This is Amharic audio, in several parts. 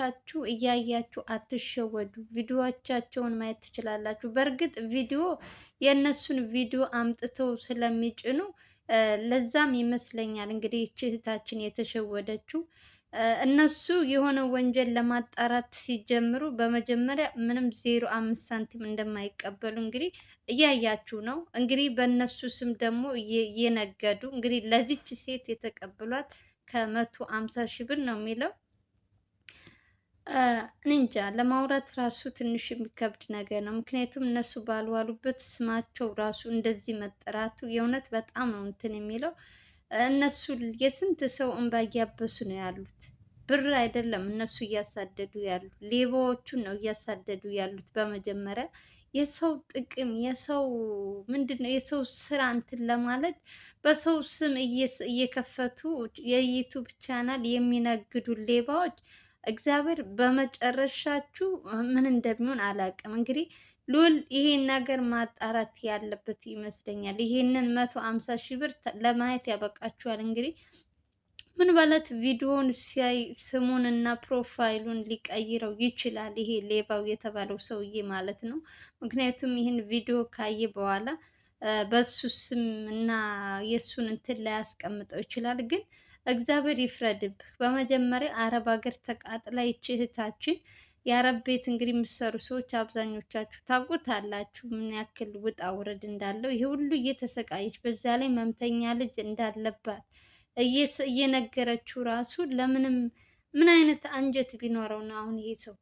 ቻችሁ እያያችሁ አትሸወዱ። ቪዲዮዎቻቸውን ማየት ትችላላችሁ። በእርግጥ ቪዲዮ የእነሱን ቪዲዮ አምጥተው ስለሚጭኑ ለዛም ይመስለኛል እንግዲህ ይህች እህታችን የተሸወደችው። እነሱ የሆነ ወንጀል ለማጣራት ሲጀምሩ በመጀመሪያ ምንም ዜሮ አምስት ሳንቲም እንደማይቀበሉ እንግዲህ እያያችሁ ነው። እንግዲህ በእነሱ ስም ደግሞ እየነገዱ እንግዲህ ለዚች ሴት የተቀበሏት ከመቶ አምሳ ሺህ ብር ነው የሚለው እንጃ ለማውራት ራሱ ትንሽ የሚከብድ ነገር ነው። ምክንያቱም እነሱ ባልዋሉበት ስማቸው ራሱ እንደዚህ መጠራቱ የእውነት በጣም ነው እንትን የሚለው። እነሱ የስንት ሰው እንባ እያበሱ ነው ያሉት። ብር አይደለም እነሱ እያሳደዱ ያሉት፣ ሌባዎቹን ነው እያሳደዱ ያሉት። በመጀመሪያ የሰው ጥቅም የሰው ምንድን ነው የሰው ስራ እንትን ለማለት በሰው ስም እየከፈቱ የዩቱብ ቻናል የሚነግዱ ሌባዎች እግዚአብሔር በመጨረሻችሁ ምን እንደሚሆን አላውቅም። እንግዲህ ሉል ይሄን ነገር ማጣራት ያለበት ይመስለኛል። ይሄንን መቶ አምሳ ሺህ ብር ለማየት ያበቃችኋል። እንግዲህ ምን ማለት ቪዲዮውን ሲያይ ስሙን እና ፕሮፋይሉን ሊቀይረው ይችላል። ይሄ ሌባው የተባለው ሰውዬ ማለት ነው። ምክንያቱም ይህን ቪዲዮ ካየ በኋላ በሱ ስም እና የእሱን እንትን ላያስቀምጠው ይችላል ግን እግዚአብሔር ይፍረድብህ። በመጀመሪያ አረብ ሀገር ተቃጥላ ይቺ እህታችን የአረብ ቤት እንግዲህ የምትሰሩ ሰዎች አብዛኞቻችሁ ታውቁታላችሁ ምን ያክል ውጣ ውረድ እንዳለው። ይሄ ሁሉ እየተሰቃየች በዛ ላይ መምተኛ ልጅ እንዳለባት እየነገረችው ራሱ ለምንም ምን አይነት አንጀት ቢኖረው ነው አሁን ይሄ ሰው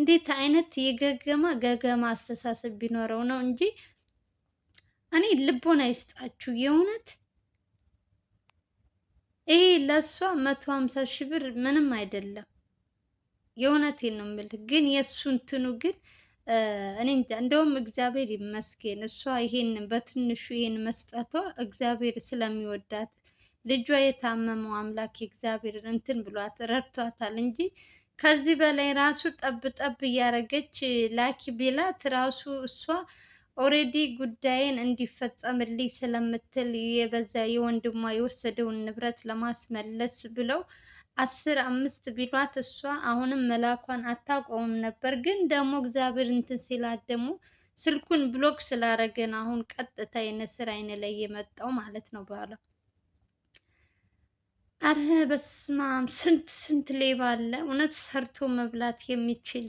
እንዴት አይነት የገገማ ገገማ አስተሳሰብ ቢኖረው ነው እንጂ እኔ ልቦና ይስጣችሁ የእውነት ይሄ ለእሷ መቶ ሀምሳ ሺህ ብር ምንም አይደለም። የእውነቴን ነው የምልህ። ግን የእሱ እንትኑ ግን እኔ እንጃ። እንደውም እግዚአብሔር ይመስገን እሷ ይሄን በትንሹ ይሄን መስጠቷ እግዚአብሔር ስለሚወዳት ልጇ የታመመው አምላክ የእግዚአብሔር እንትን ብሏት ረድቷታል እንጂ ከዚህ በላይ ራሱ ጠብ ጠብ እያደረገች ላኪ ቢላት ራሱ እሷ ኦሬዲ ጉዳይን እንዲፈጸምልኝ ስለምትል የበዛ የወንድሟ የወሰደውን ንብረት ለማስመለስ ብለው አስር አምስት ቢሏት እሷ አሁንም መላኳን አታቆምም ነበር። ግን ደግሞ እግዚአብሔር እንትን ሲላት ደግሞ ስልኩን ብሎክ ስላረገን አሁን ቀጥታ የነስር አይን ላይ የመጣው ማለት ነው ባሏ። አረ በስመ አብ ስንት ስንት ሌባ አለ እውነት ሰርቶ መብላት የሚችል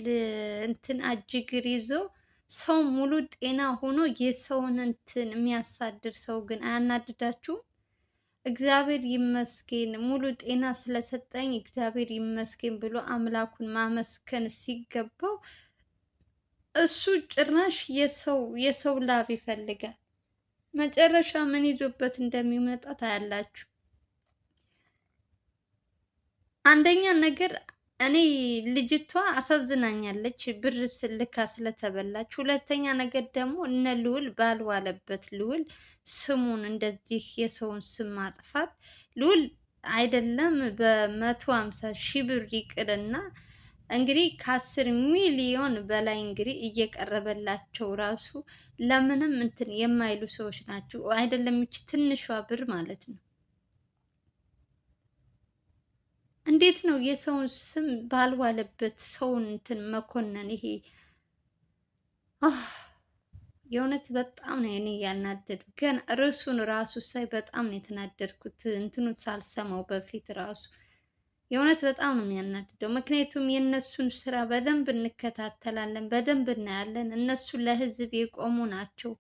እንትን አጅግር ይዞ ሰው ሙሉ ጤና ሆኖ የሰውን እንትን የሚያሳድር ሰው ግን አያናድዳችሁም? እግዚአብሔር ይመስገን ሙሉ ጤና ስለሰጠኝ እግዚአብሔር ይመስገን ብሎ አምላኩን ማመስገን ሲገባው እሱ ጭራሽ የሰው የሰው ላብ ይፈልጋል። መጨረሻ ምን ይዞበት እንደሚመጣ ታያላችሁ። አንደኛ ነገር እኔ ልጅቷ አሳዝናኛለች። ብር ስልካ ስለተበላች። ሁለተኛ ነገር ደግሞ እነ ልዑል ባልዋለበት ልዑል ስሙን እንደዚህ የሰውን ስም ማጥፋት ልዑል አይደለም በመቶ ሀምሳ ሺህ ብር ይቅርና እንግዲህ ከአስር ሚሊዮን በላይ እንግዲህ እየቀረበላቸው ራሱ ለምንም እንትን የማይሉ ሰዎች ናቸው። አይደለም ትንሿ ብር ማለት ነው። እንዴት ነው የሰውን ስም ባልዋለበት ሰውን እንትን መኮነን? ይሄ የእውነት በጣም ነው እኔ ያናደዱ። ገና ርዕሱን ራሱ ሳይ በጣም ነው የተናደድኩት። እንትኑን ሳልሰማው በፊት ራሱ የእውነት በጣም ነው የሚያናድደው። ምክንያቱም የእነሱን ስራ በደንብ እንከታተላለን፣ በደንብ እናያለን። እነሱ ለህዝብ የቆሙ ናቸው።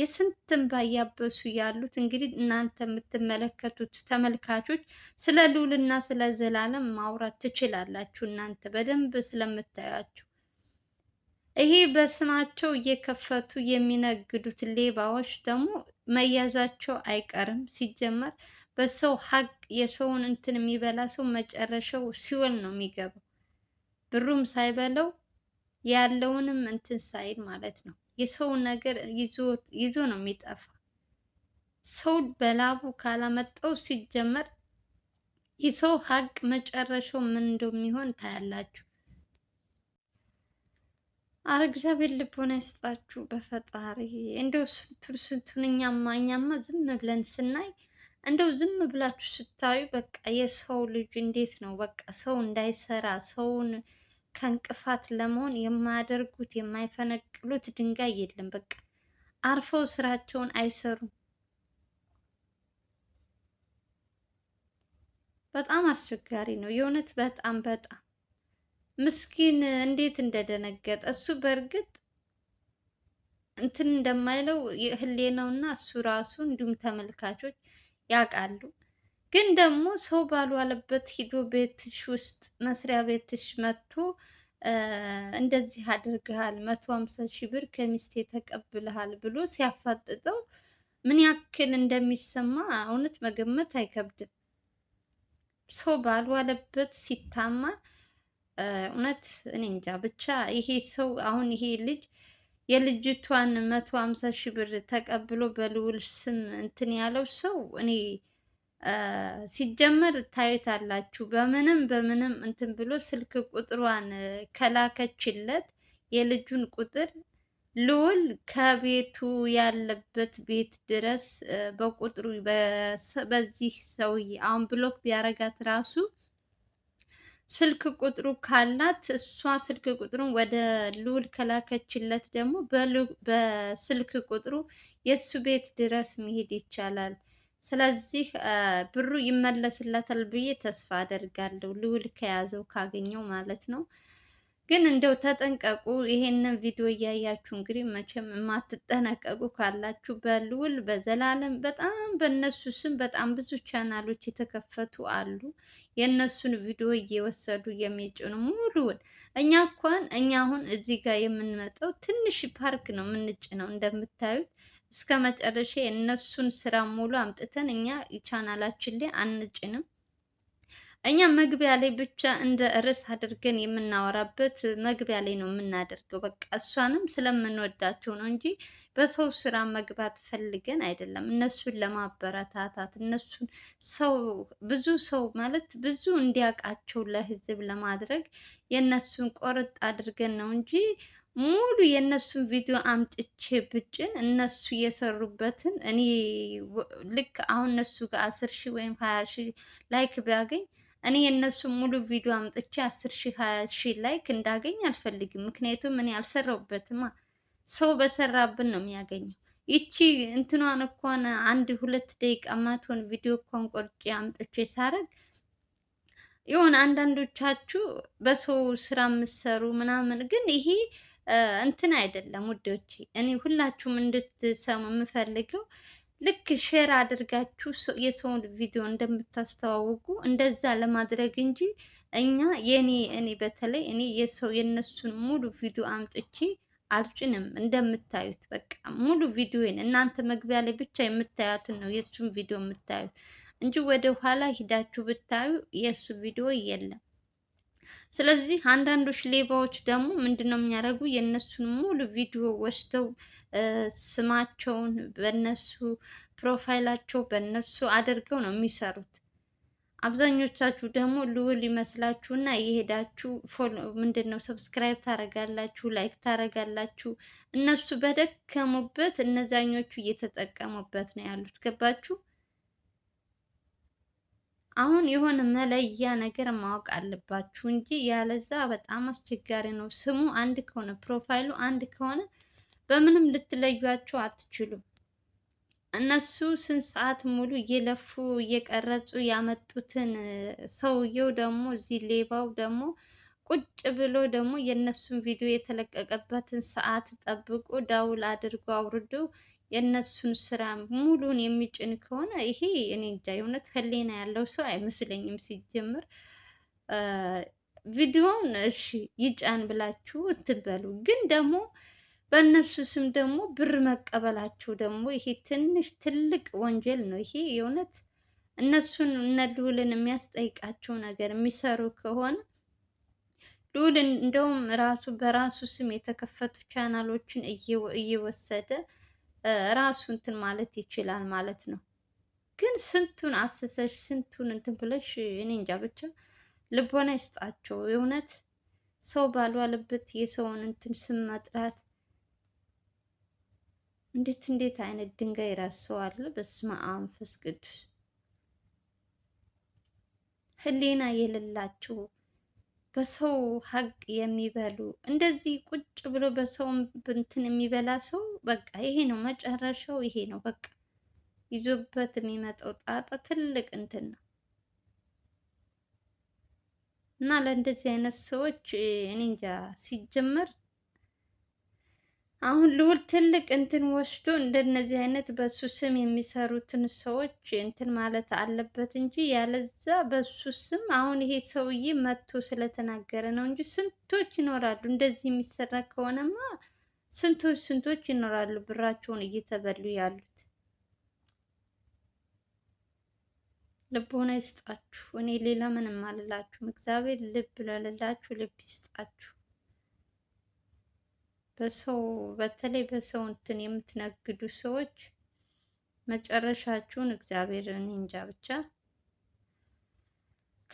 የስንት እንባ እያበሱ ያሉት እንግዲህ እናንተ የምትመለከቱት ተመልካቾች ስለ ልዑልና ስለ ዘላለም ማውራት ትችላላችሁ፣ እናንተ በደንብ ስለምታያቸው። ይሄ በስማቸው እየከፈቱ የሚነግዱት ሌባዎች ደግሞ መያዛቸው አይቀርም ሲጀመር በሰው ሀቅ የሰውን እንትን የሚበላ ሰው መጨረሻው ሲኦል ነው የሚገባው። ብሩም ሳይበላው ያለውንም እንትን ሳይል ማለት ነው። የሰውን ነገር ይዞ ነው የሚጠፋ። ሰው በላቡ ካላመጣው ሲጀመር የሰው ሀቅ መጨረሻው ምን እንደሚሆን ታያላችሁ። አረ እግዚአብሔር ልቦና ይስጣችሁ በፈጣሪ እንደው ስንቱን ስንቱን እኛማ እኛማ ዝም ብለን ስናይ እንደው ዝም ብላችሁ ስታዩ በቃ የሰው ልጅ እንዴት ነው በቃ ሰው እንዳይሰራ ሰውን ከእንቅፋት ለመሆን የማያደርጉት የማይፈነቅሉት ድንጋይ የለም። በቃ አርፈው ስራቸውን አይሰሩም። በጣም አስቸጋሪ ነው የእውነት በጣም በጣም ምስኪን እንዴት እንደደነገጠ እሱ በእርግጥ እንትን እንደማይለው ህሌናው እና እሱ ራሱ እንዲሁም ተመልካቾች ያውቃሉ። ግን ደግሞ ሰው ባልዋለበት ሂዶ ቤትሽ ውስጥ መስሪያ ቤትሽ መጥቶ እንደዚህ አድርግሃል፣ መቶ ሀምሳ ሺህ ብር ከሚስቴ ተቀብልሃል ብሎ ሲያፋጥጠው ምን ያክል እንደሚሰማ እውነት መገመት አይከብድም። ሰው ባልዋለበት ሲታማ እውነት እኔ እንጃ ብቻ ይሄ ሰው አሁን ይሄ ልጅ የልጅቷን መቶ ሀምሳ ሺህ ብር ተቀብሎ በልውል ስም እንትን ያለው ሰው እኔ ሲጀመር ታይታላችሁ። በምንም በምንም እንትን ብሎ ስልክ ቁጥሯን ከላከችለት የልጁን ቁጥር ልውል ከቤቱ ያለበት ቤት ድረስ በቁጥሩ በዚህ ሰውዬ አሁን ብሎክ ቢያረጋት ራሱ ስልክ ቁጥሩ ካላት እሷ ስልክ ቁጥሩን ወደ ልዑል ከላከችለት ደግሞ በስልክ ቁጥሩ የእሱ ቤት ድረስ መሄድ ይቻላል። ስለዚህ ብሩ ይመለስለታል ብዬ ተስፋ አደርጋለሁ ልዑል ከያዘው ካገኘው ማለት ነው። ግን እንደው ተጠንቀቁ። ይሄንን ቪዲዮ እያያችሁ እንግዲህ መቼም የማትጠነቀቁ ካላችሁ በልውል በዘላለም በጣም በእነሱ ስም በጣም ብዙ ቻናሎች የተከፈቱ አሉ። የእነሱን ቪዲዮ እየወሰዱ የሚጭኑ ሙሉውን። እኛ እንኳን እኛ አሁን እዚህ ጋር የምንመጣው ትንሽ ፓርክ ነው ነው እንደምታዩት እስከ መጨረሻ የእነሱን ስራ ሙሉ አምጥተን እኛ ቻናላችን ላይ አንጭንም። እኛ መግቢያ ላይ ብቻ እንደ ርዕስ አድርገን የምናወራበት መግቢያ ላይ ነው የምናደርገው። በቃ እሷንም ስለምንወዳቸው ነው እንጂ በሰው ስራ መግባት ፈልገን አይደለም። እነሱን ለማበረታታት እነሱን ሰው ብዙ ሰው ማለት ብዙ እንዲያውቃቸው ለህዝብ ለማድረግ የእነሱን ቆርጥ አድርገን ነው እንጂ ሙሉ የእነሱን ቪዲዮ አምጥቼ ብጭን እነሱ የሰሩበትን እኔ ልክ አሁን እነሱ ጋር አስር ሺህ ወይም ሀያ ሺህ ላይክ ቢያገኝ እኔ የእነሱ ሙሉ ቪዲዮ አምጥቼ አስር ሺህ ሀያ ሺህ ላይክ እንዳገኝ አልፈልግም። ምክንያቱም እኔ አልሰራሁበትማ ሰው በሰራብን ነው የሚያገኘው። ይቺ እንትኗን እንኳን አንድ ሁለት ደቂቃ ማትሆን ቪዲዮ እንኳን ቆርጬ አምጥቼ ሳረግ ይሆን አንዳንዶቻችሁ በሰው ስራ የምትሰሩ ምናምን፣ ግን ይሄ እንትን አይደለም ውዶቼ። እኔ ሁላችሁም እንድትሰሙ የምፈልገው ልክ ሼር አድርጋችሁ የሰውን ቪዲዮ እንደምታስተዋውቁ እንደዛ ለማድረግ እንጂ እኛ የኔ እኔ በተለይ እኔ የሰው የነሱን ሙሉ ቪዲዮ አምጥቼ አልጭንም። እንደምታዩት በቃ ሙሉ ቪዲዮን እናንተ መግቢያ ላይ ብቻ የምታዩትን ነው የእሱን ቪዲዮ የምታዩት እንጂ ወደ ኋላ ሂዳችሁ ብታዩ የእሱ ቪዲዮ የለም። ስለዚህ አንዳንዶች ሌባዎች ደግሞ ምንድን ነው የሚያደርጉ የእነሱን ሙሉ ቪዲዮ ወስደው ስማቸውን በነሱ ፕሮፋይላቸው በነሱ አድርገው ነው የሚሰሩት። አብዛኞቻችሁ ደግሞ ልዑል ይመስላችሁ እና የሄዳችሁ ምንድን ነው ሰብስክራይብ ታደርጋላችሁ፣ ላይክ ታደርጋላችሁ። እነሱ በደከሙበት እነዛኞቹ እየተጠቀሙበት ነው ያሉት። ገባችሁ? አሁን የሆነ መለያ ነገር ማወቅ አለባችሁ እንጂ ያለዛ በጣም አስቸጋሪ ነው። ስሙ አንድ ከሆነ ፕሮፋይሉ አንድ ከሆነ በምንም ልትለያቸው አትችሉም። እነሱ ስንት ሰዓት ሙሉ እየለፉ እየቀረጹ ያመጡትን ሰውየው ደግሞ እዚህ ሌባው ደግሞ ቁጭ ብሎ ደግሞ የእነሱን ቪዲዮ የተለቀቀበትን ሰዓት ጠብቆ ዳውል አድርጎ አውርዶ የእነሱን ስራ ሙሉን የሚጭን ከሆነ ይሄ እኔ እንጃ የእውነት ህሊና ያለው ሰው አይመስለኝም። ሲጀምር ቪዲዮውን እሺ ይጫን ብላችሁ እትበሉ፣ ግን ደግሞ በእነሱ ስም ደግሞ ብር መቀበላችሁ ደግሞ ይሄ ትንሽ ትልቅ ወንጀል ነው። ይሄ የእውነት እነሱን እነ ልዑልን የሚያስጠይቃቸው ነገር የሚሰሩ ከሆነ ልዑል እንደውም ራሱ በራሱ ስም የተከፈቱ ቻናሎችን እየወሰደ ራሱ እንትን ማለት ይችላል ማለት ነው። ግን ስንቱን አስሰሽ ስንቱን እንትን ብለሽ እኔ እንጃ ብቻ ልቦና ይስጣቸው የእውነት ሰው ባልዋለበት የሰውን እንትን ስም መጥራት እንዴት እንዴት አይነት ድንጋይ ይራሰዋል። በስመ አብ መንፈስ ቅዱስ ህሊና የሌላቸው በሰው ሀቅ የሚበሉ እንደዚህ ቁጭ ብሎ በሰው እንትን የሚበላ ሰው በቃ ይሄ ነው መጨረሻው፣ ይሄ ነው በቃ ይዞበት የሚመጣው ጣጣ ትልቅ እንትን ነው እና ለእንደዚህ አይነት ሰዎች እኔ እንጃ ሲጀመር አሁን ልውል ትልቅ እንትን ወስዶ እንደነዚህ አይነት በሱ ስም የሚሰሩትን ሰዎች እንትን ማለት አለበት እንጂ ያለዛ በሱ ስም አሁን ይሄ ሰውዬ መጥቶ ስለተናገረ ነው እንጂ ስንቶች ይኖራሉ። እንደዚህ የሚሰራ ከሆነማ ስንቶች ስንቶች ይኖራሉ ብራቸውን እየተበሉ ያሉት። ልቦና ይስጣችሁ። እኔ ሌላ ምንም አልላችሁም። እግዚአብሔር ልብ ለሌላችሁ ልብ ይስጣችሁ። በሰው በተለይ በሰው እንትን የምትነግዱ ሰዎች መጨረሻችሁን እግዚአብሔር እኔ እንጃ ብቻ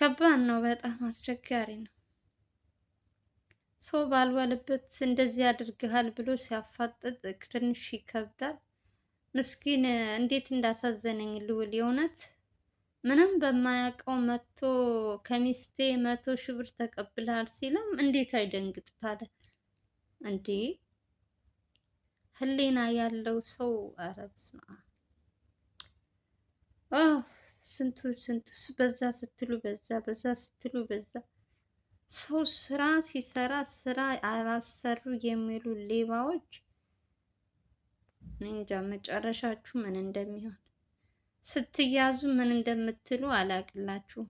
ከባድ ነው። በጣም አስቸጋሪ ነው። ሰው ባልዋለበት እንደዚህ አድርገሃል ብሎ ሲያፋጥጥ ትንሽ ይከብዳል። ምስኪን እንዴት እንዳሳዘነኝ ልውል የእውነት ምንም በማያውቀው መጥቶ ከሚስቴ መቶ ሺህ ብር ተቀብለሃል ሲልም እንዴት አይደንግጥ ታዲያ? እንዴ ህሊና ያለው ሰው ኧረ በስመ አብ ስንቱ ስንቱ በዛ ስትሉ በዛ በዛ ስትሉ በዛ ሰው ስራ ሲሰራ ስራ አላሰሩ የሚሉ ሌባዎች እንጃ መጨረሻችሁ ምን እንደሚሆን ስትያዙ ምን እንደምትሉ አላቅላችሁም።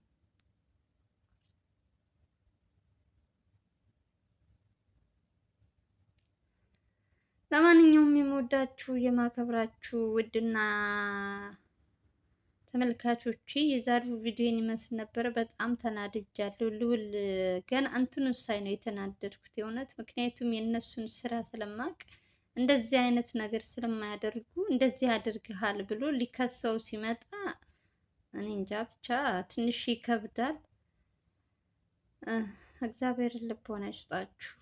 ለማንኛውም የምወዳችሁ የማከብራችሁ ውድና ተመልካቾች የዛሬው ቪዲዮን ይመስል ነበር። በጣም ተናድጃለሁ። ልዑል ገና እንትኑን ሳይ ነው የተናደድኩት የእውነት ምክንያቱም የእነሱን ስራ ስለማቅ እንደዚህ አይነት ነገር ስለማያደርጉ እንደዚህ አድርግሃል ብሎ ሊከሰው ሲመጣ እኔ እንጃ ብቻ ትንሽ ይከብዳል። እግዚአብሔር ልቦና ይስጣችሁ።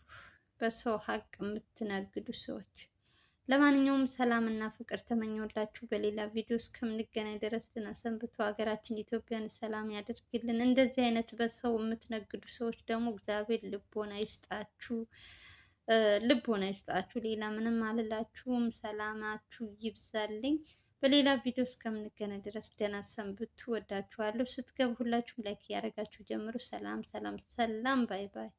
በሰው ሀቅ የምትነግዱ ሰዎች። ለማንኛውም ሰላም እና ፍቅር ተመኘሁላችሁ። በሌላ ቪዲዮ እስከምንገናኝ ድረስ ሰንብቱ። ሀገራችን ኢትዮጵያን ሰላም ያደርግልን። እንደዚህ አይነት በሰው የምትነግዱ ሰዎች ደግሞ እግዚአብሔር ልቦና ይስጣችሁ፣ ልቦና ይስጣችሁ። ሌላ ምንም አልላችሁም። ሰላማችሁ ይብዛልኝ። በሌላ ቪዲዮ እስከምንገናኝ ድረስ ደህና ሰንብቱ። ወዳችኋለሁ። ስትገቡ ሁላችሁም ላይክ እያደረጋችሁ ጀምሩ። ሰላም ሰላም ሰላም። ባይ ባይ።